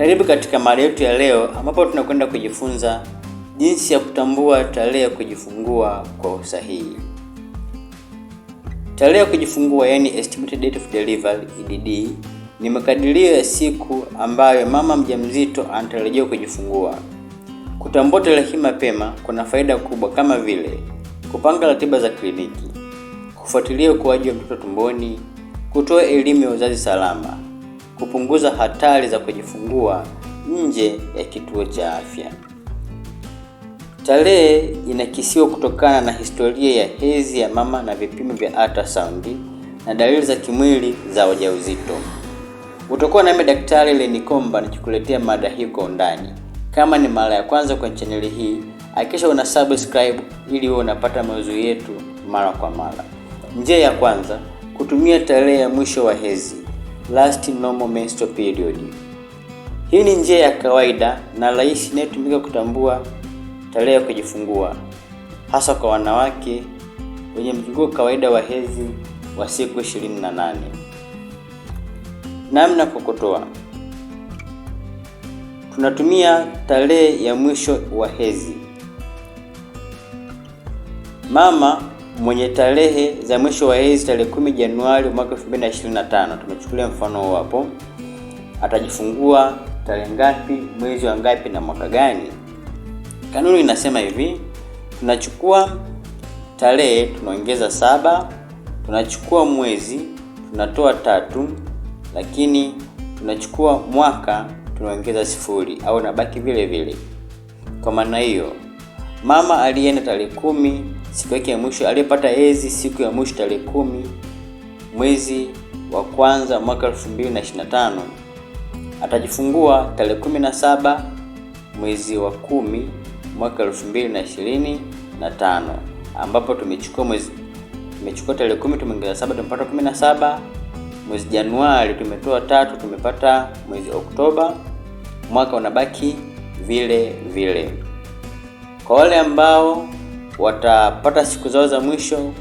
Karibu katika mada yetu ya leo ambapo tunakwenda kujifunza jinsi ya kutambua tarehe ya kujifungua kwa usahihi. Tarehe ya kujifungua yani estimated date of delivery EDD ni makadirio ya siku ambayo mama mjamzito anatarajiwa kujifungua. Kutambua tarehe mapema kuna faida kubwa kama vile kupanga ratiba za kliniki, kufuatilia ukuaji wa mtoto tumboni, kutoa elimu ya uzazi salama kupunguza hatari za kujifungua nje ya kituo cha afya. Tarehe inakisiwa kutokana na historia ya hedhi ya mama na vipimo vya ultrasound na dalili za kimwili za ujauzito. Utakuwa nami Daktari Lenikomba nikikuletea mada hii kwa undani. Kama ni mara ya kwanza kwenye chaneli hii, hakikisha una subscribe ili uwe unapata mauzui yetu mara kwa mara. Njia ya kwanza, kutumia tarehe ya mwisho wa hedhi last normal menstrual period. Hii ni njia ya kawaida na rahisi inayotumika kutambua tarehe ya kujifungua, hasa kwa wanawake wenye mzunguko kawaida wa hedhi wa siku 28. Namna kokotoa, tunatumia tarehe ya mwisho wa hedhi. Mama mwenye tarehe za mwisho wa hedhi tarehe 10 Januari mwaka 2025, tumechukulia mfano huo hapo, atajifungua tarehe ngapi, mwezi wa ngapi na mwaka gani? Kanuni inasema hivi, tunachukua tarehe tunaongeza saba, tunachukua mwezi tunatoa tatu, lakini tunachukua mwaka tunaongeza sifuri au nabaki vile vile. Kwa maana hiyo mama aliyeenda tarehe kumi siku yake ya mwisho aliyepata ezi siku ya mwisho tarehe kumi mwezi wa kwanza mwaka 2025 atajifungua tarehe saba mwezi wa kumi mwaka 2025 ambapo tumechukua mwezi tumechukua tarehe kumi tumeongeza saba tumepata saba mwezi Januari tumetoa tatu tumepata mwezi Oktoba, mwaka unabaki vile vile. Kwa wale ambao watapata siku zao za mwisho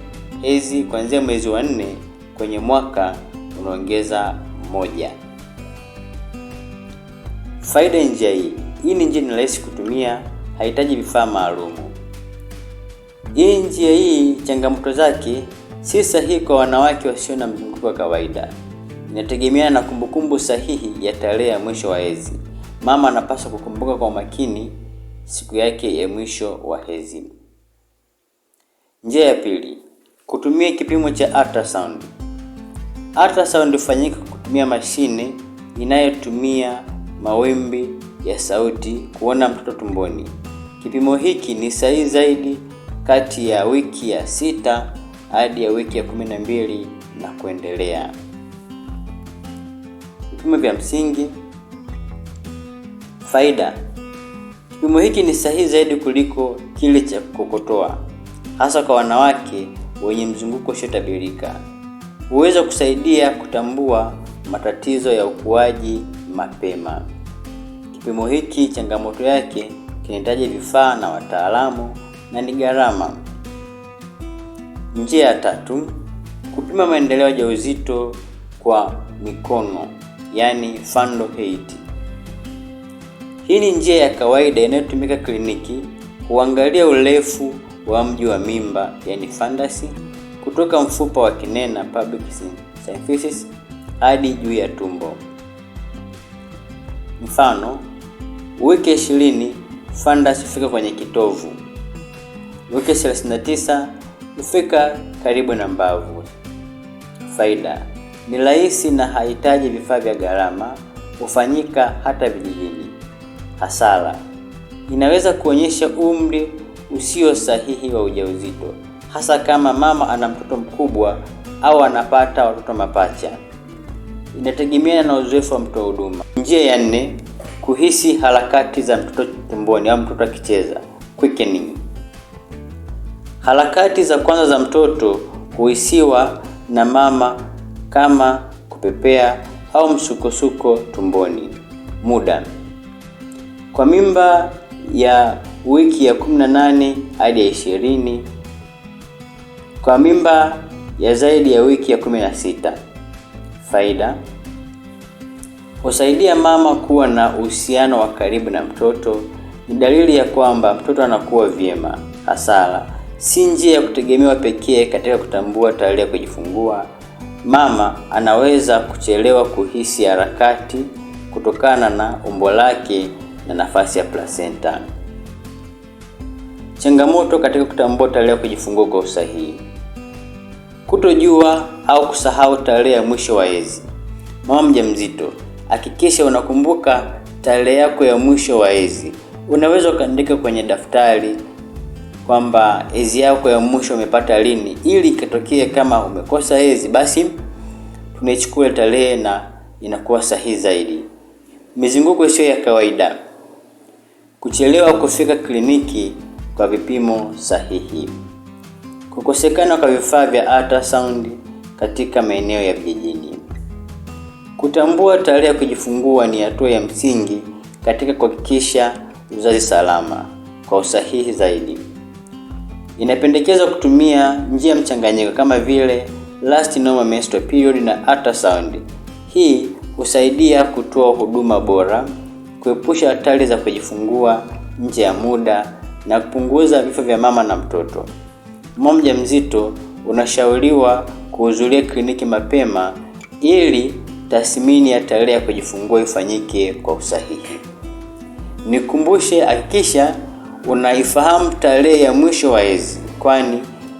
hizi kuanzia mwezi wa nne kwenye mwaka unaongeza moja. Faida njia hii, hii ni njia ni rahisi kutumia, haihitaji vifaa maalum. Hii njia hii, changamoto zake si sahihi kwa wanawake wasio na mzunguko wa kawaida. Inategemeana na kumbukumbu sahihi ya tarehe ya mwisho wa hedhi. Mama anapaswa kukumbuka kwa makini siku yake ya mwisho wa hedhi. Njia ya pili, kutumia kipimo cha ultrasound. Ultrasound hufanyika kutumia mashine inayotumia mawimbi ya sauti kuona mtoto tumboni. Kipimo hiki ni sahihi zaidi kati ya wiki ya sita hadi ya wiki ya kumi na mbili na kuendelea. Vipimo vya msingi. Faida: kipimo hiki ni sahihi zaidi kuliko kile cha kukokotoa hasa kwa wanawake wenye mzunguko usiotabirika. Huweza kusaidia kutambua matatizo ya ukuaji mapema. Kipimo hiki changamoto yake kinahitaji vifaa na wataalamu na ni gharama. Njia ya tatu, kupima maendeleo ya ujauzito kwa mikono, yani fundal height. Hii ni njia ya kawaida inayotumika kliniki kuangalia urefu wa mji wa mimba yani fantasy, kutoka mfupa wa kinena pubic symphysis hadi juu ya tumbo. Mfano, wiki ishirini fantasy hufika kwenye kitovu, wiki 39 hufika karibu na mbavu. Faida ni rahisi na hahitaji vifaa vya gharama, hufanyika hata vijijini. Hasara inaweza kuonyesha umri usio sahihi wa ujauzito, hasa kama mama ana mtoto mkubwa au anapata watoto mapacha. Inategemeana na uzoefu wa mtoa huduma. Njia ya nne, kuhisi harakati za mtoto tumboni au mtoto akicheza quickening. Harakati za kwanza za mtoto huhisiwa na mama kama kupepea au msukosuko tumboni. Muda kwa mimba ya wiki ya 18 hadi ya 20 kwa mimba ya zaidi ya wiki ya 16. Faida: husaidia mama kuwa na uhusiano wa karibu na mtoto. Ni dalili ya kwamba mtoto anakuwa vyema. Hasara: si njia ya kutegemewa pekee katika kutambua tarehe ya kujifungua. Mama anaweza kuchelewa kuhisi harakati kutokana na umbo lake na nafasi ya placenta. Changamoto katika kutambua tarehe ya kujifungua kwa usahihi: kutojua au kusahau tarehe ya mwisho wa hedhi. Mama mjamzito, hakikisha unakumbuka tarehe yako ya mwisho wa hedhi. Unaweza ukaandika kwenye daftari kwamba hedhi yako ya mwisho umepata lini, ili ikatokea kama umekosa hedhi, basi tunaichukua tarehe na inakuwa sahihi zaidi. Mizunguko isiyo ya kawaida, kuchelewa kufika kliniki kwa vipimo sahihi. Kukosekana kwa vifaa vya ultrasound katika maeneo ya vijijini. Kutambua tarehe ya kujifungua ni hatua ya msingi katika kuhakikisha uzazi salama. Kwa usahihi zaidi, inapendekezwa kutumia njia mchanganyiko kama vile last normal menstrual period na ultrasound. Hii husaidia kutoa huduma bora, kuepusha hatari za kujifungua nje ya muda na kupunguza vifo vya mama na mtoto. Mama mjamzito unashauriwa kuhudhuria kliniki mapema ili tathmini ya tarehe ya kujifungua ifanyike kwa usahihi. Nikumbushe, hakikisha unaifahamu tarehe ya mwisho wa hedhi, kwani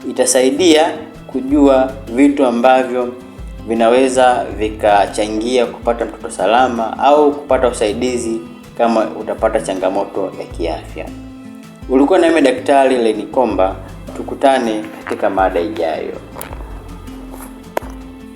itasaidia kujua vitu ambavyo vinaweza vikachangia kupata mtoto salama au kupata usaidizi kama utapata changamoto ya kiafya. Ulikuwa nami Daktari Lenikomba, tukutane katika mada ijayo.